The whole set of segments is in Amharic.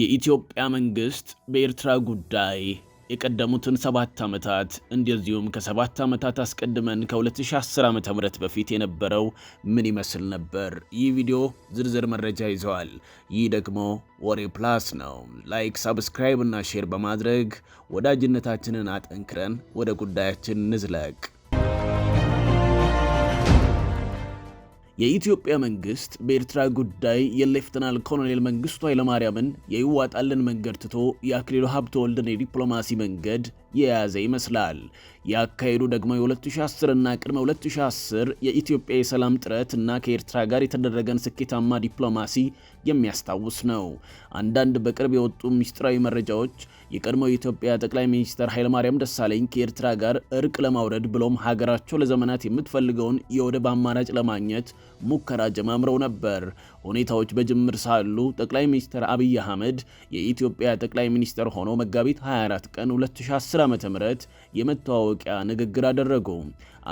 የኢትዮጵያ መንግስት በኤርትራ ጉዳይ የቀደሙትን ሰባት ዓመታት እንደዚሁም ከሰባት ዓመታት አስቀድመን ከ2010 ዓ ም በፊት የነበረው ምን ይመስል ነበር? ይህ ቪዲዮ ዝርዝር መረጃ ይዘዋል። ይህ ደግሞ ወሬ ፕላስ ነው። ላይክ፣ ሳብስክራይብ እና ሼር በማድረግ ወዳጅነታችንን አጠንክረን ወደ ጉዳያችን ንዝለቅ። የኢትዮጵያ መንግስት በኤርትራ ጉዳይ የሌፍትናል ኮሎኔል መንግስቱ ኃይለማርያምን የይዋጣልን መንገድ ትቶ የአክሊሉ ሀብተወልድን የዲፕሎማሲ መንገድ የያዘ ይመስላል። ያካሄዱ ደግሞ የ2010 እና ቅድመ 2010 የኢትዮጵያ የሰላም ጥረት እና ከኤርትራ ጋር የተደረገን ስኬታማ ዲፕሎማሲ የሚያስታውስ ነው። አንዳንድ በቅርብ የወጡ ምስጢራዊ መረጃዎች የቀድሞው የኢትዮጵያ ጠቅላይ ሚኒስትር ኃይለማርያም ደሳለኝ ከኤርትራ ጋር እርቅ ለማውረድ ብሎም ሀገራቸው ለዘመናት የምትፈልገውን የወደብ አማራጭ ለማግኘት ሙከራ ጀማምረው ነበር። ሁኔታዎች በጅምር ሳሉ ጠቅላይ ሚኒስትር አብይ አህመድ የኢትዮጵያ ጠቅላይ ሚኒስትር ሆኖ መጋቢት 24 ቀን 2010 ዓ ም የመተዋወቂያ ንግግር አደረጉ።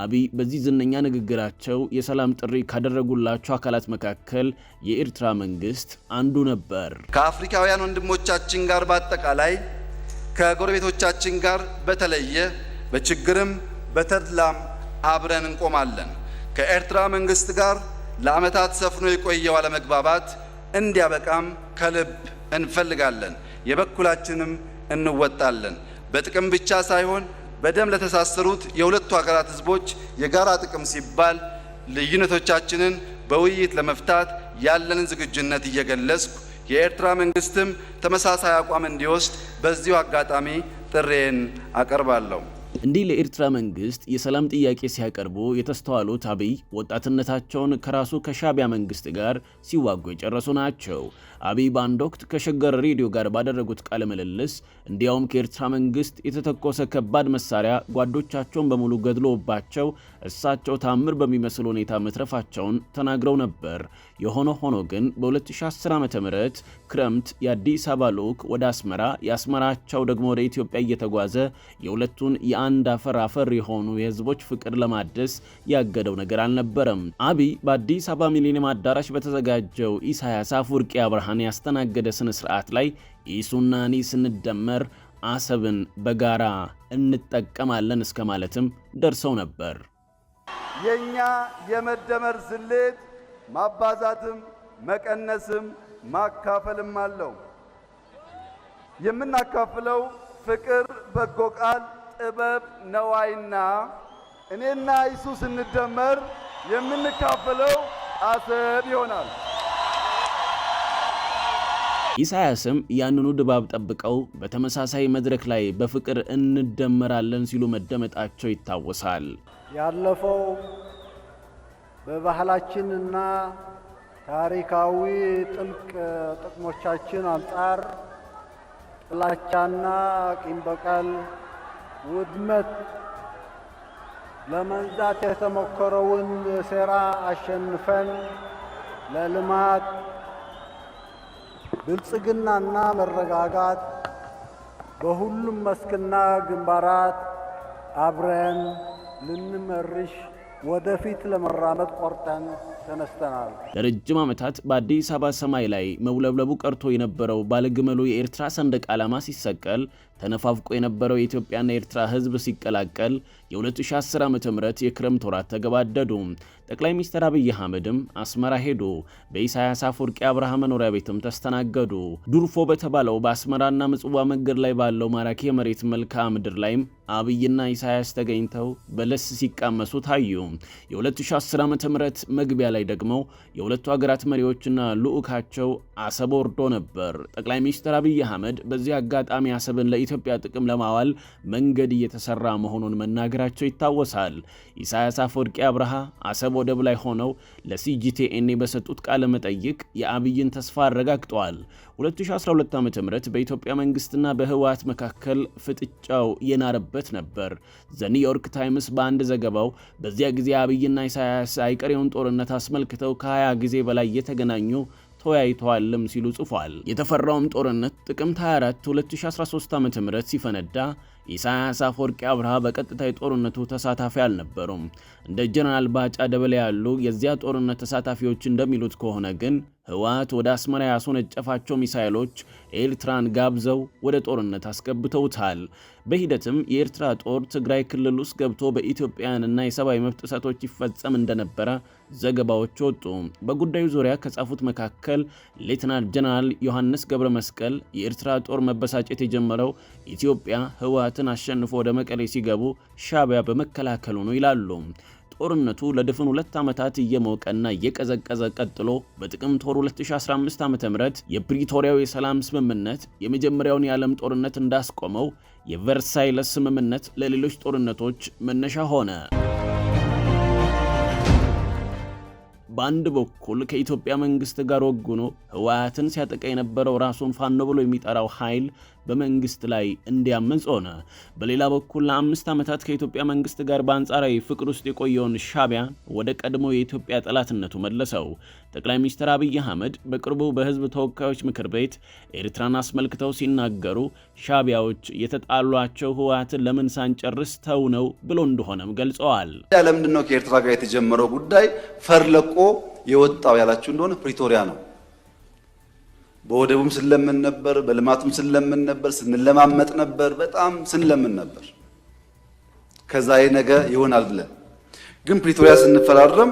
አብይ በዚህ ዝነኛ ንግግራቸው የሰላም ጥሪ ካደረጉላቸው አካላት መካከል የኤርትራ መንግስት አንዱ ነበር። ከአፍሪካውያን ወንድሞቻችን ጋር በአጠቃላይ ከጎረቤቶቻችን ጋር በተለየ በችግርም በተድላም አብረን እንቆማለን። ከኤርትራ መንግስት ጋር ለዓመታት ሰፍኖ የቆየው አለመግባባት እንዲያበቃም ከልብ እንፈልጋለን። የበኩላችንም እንወጣለን። በጥቅም ብቻ ሳይሆን በደም ለተሳሰሩት የሁለቱ ሀገራት ሕዝቦች የጋራ ጥቅም ሲባል ልዩነቶቻችንን በውይይት ለመፍታት ያለንን ዝግጁነት እየገለጽኩ የኤርትራ መንግስትም ተመሳሳይ አቋም እንዲወስድ በዚሁ አጋጣሚ ጥሬን አቀርባለሁ። እንዲህ ለኤርትራ መንግስት የሰላም ጥያቄ ሲያቀርቡ የተስተዋሉት አብይ ወጣትነታቸውን ከራሱ ከሻቢያ መንግስት ጋር ሲዋጉ የጨረሱ ናቸው። አብይ በአንድ ወቅት ከሸገር ሬዲዮ ጋር ባደረጉት ቃለ ምልልስ እንዲያውም ከኤርትራ መንግስት የተተኮሰ ከባድ መሳሪያ ጓዶቻቸውን በሙሉ ገድሎባቸው እሳቸው ታምር በሚመስል ሁኔታ መትረፋቸውን ተናግረው ነበር። የሆነ ሆኖ ግን በ2010 ዓ ም ክረምት የአዲስ አበባ ልዑክ ወደ አስመራ የአስመራቸው ደግሞ ወደ ኢትዮጵያ እየተጓዘ የሁለቱን አንድ አፈር አፈር የሆኑ የህዝቦች ፍቅር ለማደስ ያገደው ነገር አልነበረም። አብይ በአዲስ አበባ ሚሊኒየም አዳራሽ በተዘጋጀው ኢሳያስ አፈወርቂ አብርሃን ያስተናገደ ስነ ስርዓት ላይ ኢሱና እኔ ስንደመር አሰብን በጋራ እንጠቀማለን እስከ ማለትም ደርሰው ነበር። የእኛ የመደመር ስሌት ማባዛትም መቀነስም ማካፈልም አለው። የምናካፍለው ፍቅር፣ በጎ ቃል ጥበብ ነዋይና እኔና እሱ ስንደመር የምንካፈለው አሰብ ይሆናል። ኢሳያስም ያንኑ ድባብ ጠብቀው በተመሳሳይ መድረክ ላይ በፍቅር እንደመራለን ሲሉ መደመጣቸው ይታወሳል። ያለፈው በባህላችንና ታሪካዊ ጥልቅ ጥቅሞቻችን አንጻር ጥላቻና ቂም በቀል ውድመት ለመንዛት የተሞከረውን ሴራ አሸንፈን ለልማት ብልጽግናና መረጋጋት በሁሉም መስክና ግንባራት አብረን ልንመርሽ ወደፊት ለመራመድ ቆርጠን ተነስተናል። ለረጅም ዓመታት በአዲስ አበባ ሰማይ ላይ መውለብለቡ ቀርቶ የነበረው ባለግመሉ የኤርትራ ሰንደቅ ዓላማ ሲሰቀል፣ ተነፋፍቆ የነበረው የኢትዮጵያና የኤርትራ ሕዝብ ሲቀላቀል፣ የ2010 ዓ ም የክረምት ወራት ተገባደዱ። ጠቅላይ ሚኒስትር አብይ አህመድም አስመራ ሄዱ። በኢሳያስ አፈወርቂ አብርሃ መኖሪያ ቤትም ተስተናገዱ። ዱርፎ በተባለው በአስመራና ምጽዋ መንገድ ላይ ባለው ማራኪ የመሬት መልክዓ ምድር ላይም አብይና ኢሳያስ ተገኝተው በለስ ሲቃመሱ ታዩ። የ2010 ዓ ም መግቢያ ላይ ደግሞ የሁለቱ ሀገራት መሪዎችና ልዑካቸው አሰብ ወርዶ ነበር። ጠቅላይ ሚኒስትር አብይ አህመድ በዚህ አጋጣሚ አሰብን ለኢትዮጵያ ጥቅም ለማዋል መንገድ እየተሰራ መሆኑን መናገር መናገራቸው ይታወሳል። ኢሳያስ አፈወርቂ አብርሃ አሰብ ወደብ ላይ ሆነው ለሲጂቲኤንኤ በሰጡት ቃለ መጠይቅ የአብይን ተስፋ አረጋግጠዋል። 2012 ዓ ም በኢትዮጵያ መንግስትና በህወሀት መካከል ፍጥጫው የናረበት ነበር። ዘ ኒውዮርክ ታይምስ በአንድ ዘገባው በዚያ ጊዜ አብይና ኢሳያስ አይቀሬውን ጦርነት አስመልክተው ከ20 ጊዜ በላይ የተገናኙ ተወያይተዋልም ሲሉ ጽፏል። የተፈራውም ጦርነት ጥቅምት 24 2013 ዓ ም ሲፈነዳ ኢሳያስ አፈወርቂ አብርሃ በቀጥታ የጦርነቱ ተሳታፊ አልነበሩም። እንደ ጀነራል ባጫ ደበላ ያሉ የዚያ ጦርነት ተሳታፊዎች እንደሚሉት ከሆነ ግን ህወሓት ወደ አስመራ ያስወነጨፋቸው ሚሳይሎች ኤርትራን ጋብዘው ወደ ጦርነት አስገብተውታል። በሂደትም የኤርትራ ጦር ትግራይ ክልል ውስጥ ገብቶ በኢትዮጵያውያንና የሰብአዊ መብት ጥሰቶች ይፈጸም እንደነበረ ዘገባዎች ወጡ። በጉዳዩ ዙሪያ ከጻፉት መካከል ሌትናንት ጀነራል ዮሐንስ ገብረ መስቀል የኤርትራ ጦር መበሳጨት የጀመረው ኢትዮጵያ ህወሓትን አሸንፎ ወደ መቀሌ ሲገቡ ሻቢያ በመከላከሉ ነው ይላሉ። ጦርነቱ ለድፍን ሁለት ዓመታት እየሞቀና እየቀዘቀዘ ቀጥሎ በጥቅምት ወር 2015 ዓ ም የፕሪቶሪያው የሰላም ስምምነት የመጀመሪያውን የዓለም ጦርነት እንዳስቆመው የቨርሳይለስ ስምምነት ለሌሎች ጦርነቶች መነሻ ሆነ። በአንድ በኩል ከኢትዮጵያ መንግስት ጋር ወግኖ ህወሓትን ሲያጠቃ የነበረው ራሱን ፋኖ ብሎ የሚጠራው ኃይል በመንግስት ላይ እንዲያመጽ ሆነ። በሌላ በኩል ለአምስት ዓመታት ከኢትዮጵያ መንግስት ጋር በአንጻራዊ ፍቅር ውስጥ የቆየውን ሻቢያ ወደ ቀድሞ የኢትዮጵያ ጠላትነቱ መለሰው። ጠቅላይ ሚኒስትር አብይ አህመድ በቅርቡ በህዝብ ተወካዮች ምክር ቤት ኤርትራን አስመልክተው ሲናገሩ ሻቢያዎች የተጣሏቸው ህወሓትን ለምን ሳንጨርስ ተው ነው ብሎ እንደሆነም ገልጸዋል። ለምንድነው ከኤርትራ ጋር የተጀመረው ጉዳይ ፈርለቆ የወጣው ያላችሁ እንደሆነ ፕሪቶሪያ ነው በወደቡም ስንለምን ነበር፣ በልማቱም ስንለምን ነበር፣ ስንለማመጥ ነበር፣ በጣም ስንለምን ነበር። ከዛ ነገ ይሆናል ብለን ግን ፕሪቶሪያ ስንፈራረም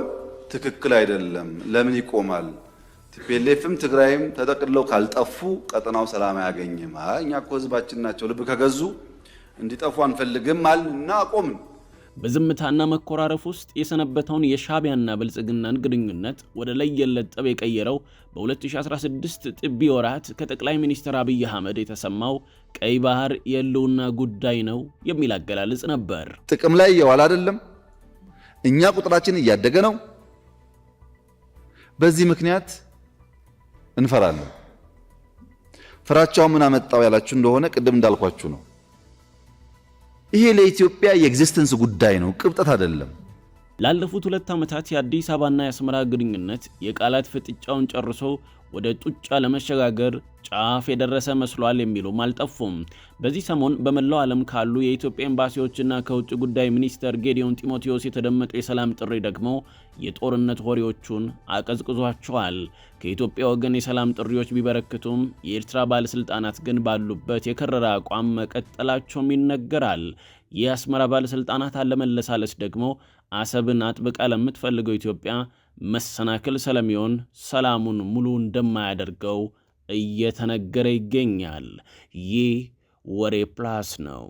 ትክክል አይደለም፣ ለምን ይቆማል? ቲፒኤልኤፍም ትግራይም ተጠቅለው ካልጠፉ ቀጠናው ሰላም አያገኝም። እኛ እኮ ህዝባችን ናቸው ልብ ከገዙ እንዲጠፉ አንፈልግም አልና አቆምን። በዝምታና መኮራረፍ ውስጥ የሰነበተውን የሻቢያና ብልጽግናን ግንኙነት ወደ ለየለት ጠብ የቀየረው በ2016 ጥቢ ወራት ከጠቅላይ ሚኒስትር አብይ አህመድ የተሰማው ቀይ ባህር የህልውና ጉዳይ ነው የሚል አገላለጽ ነበር። ጥቅም ላይ እየዋለ አይደለም። እኛ ቁጥራችን እያደገ ነው። በዚህ ምክንያት እንፈራለን። ፍራቻው ምን አመጣው ያላችሁ እንደሆነ ቅድም እንዳልኳችሁ ነው። ይሄ ለኢትዮጵያ የኤግዚስተንስ ጉዳይ ነው፣ ቅብጠት አይደለም። ላለፉት ሁለት ዓመታት የአዲስ አበባና የአስመራ ግንኙነት የቃላት ፍጥጫውን ጨርሶ ወደ ጡጫ ለመሸጋገር ጫፍ የደረሰ መስሏል የሚሉም አልጠፉም። በዚህ ሰሞን በመላው ዓለም ካሉ የኢትዮጵያ ኤምባሲዎችና ከውጭ ጉዳይ ሚኒስተር ጌዲዮን ጢሞቴዎስ የተደመጠ የሰላም ጥሪ ደግሞ የጦርነት ወሬዎቹን አቀዝቅዟቸዋል። ከኢትዮጵያ ወገን የሰላም ጥሪዎች ቢበረክቱም የኤርትራ ባለስልጣናት ግን ባሉበት የከረረ አቋም መቀጠላቸውም ይነገራል። የአስመራ ባለስልጣናት አለመለሳለስ ደግሞ አሰብን አጥብቃ ለምትፈልገው ኢትዮጵያ መሰናክል ስለሚሆን ሰላሙን ሙሉ እንደማያደርገው እየተነገረ ይገኛል። ይህ ወሬ ፕላስ ነው።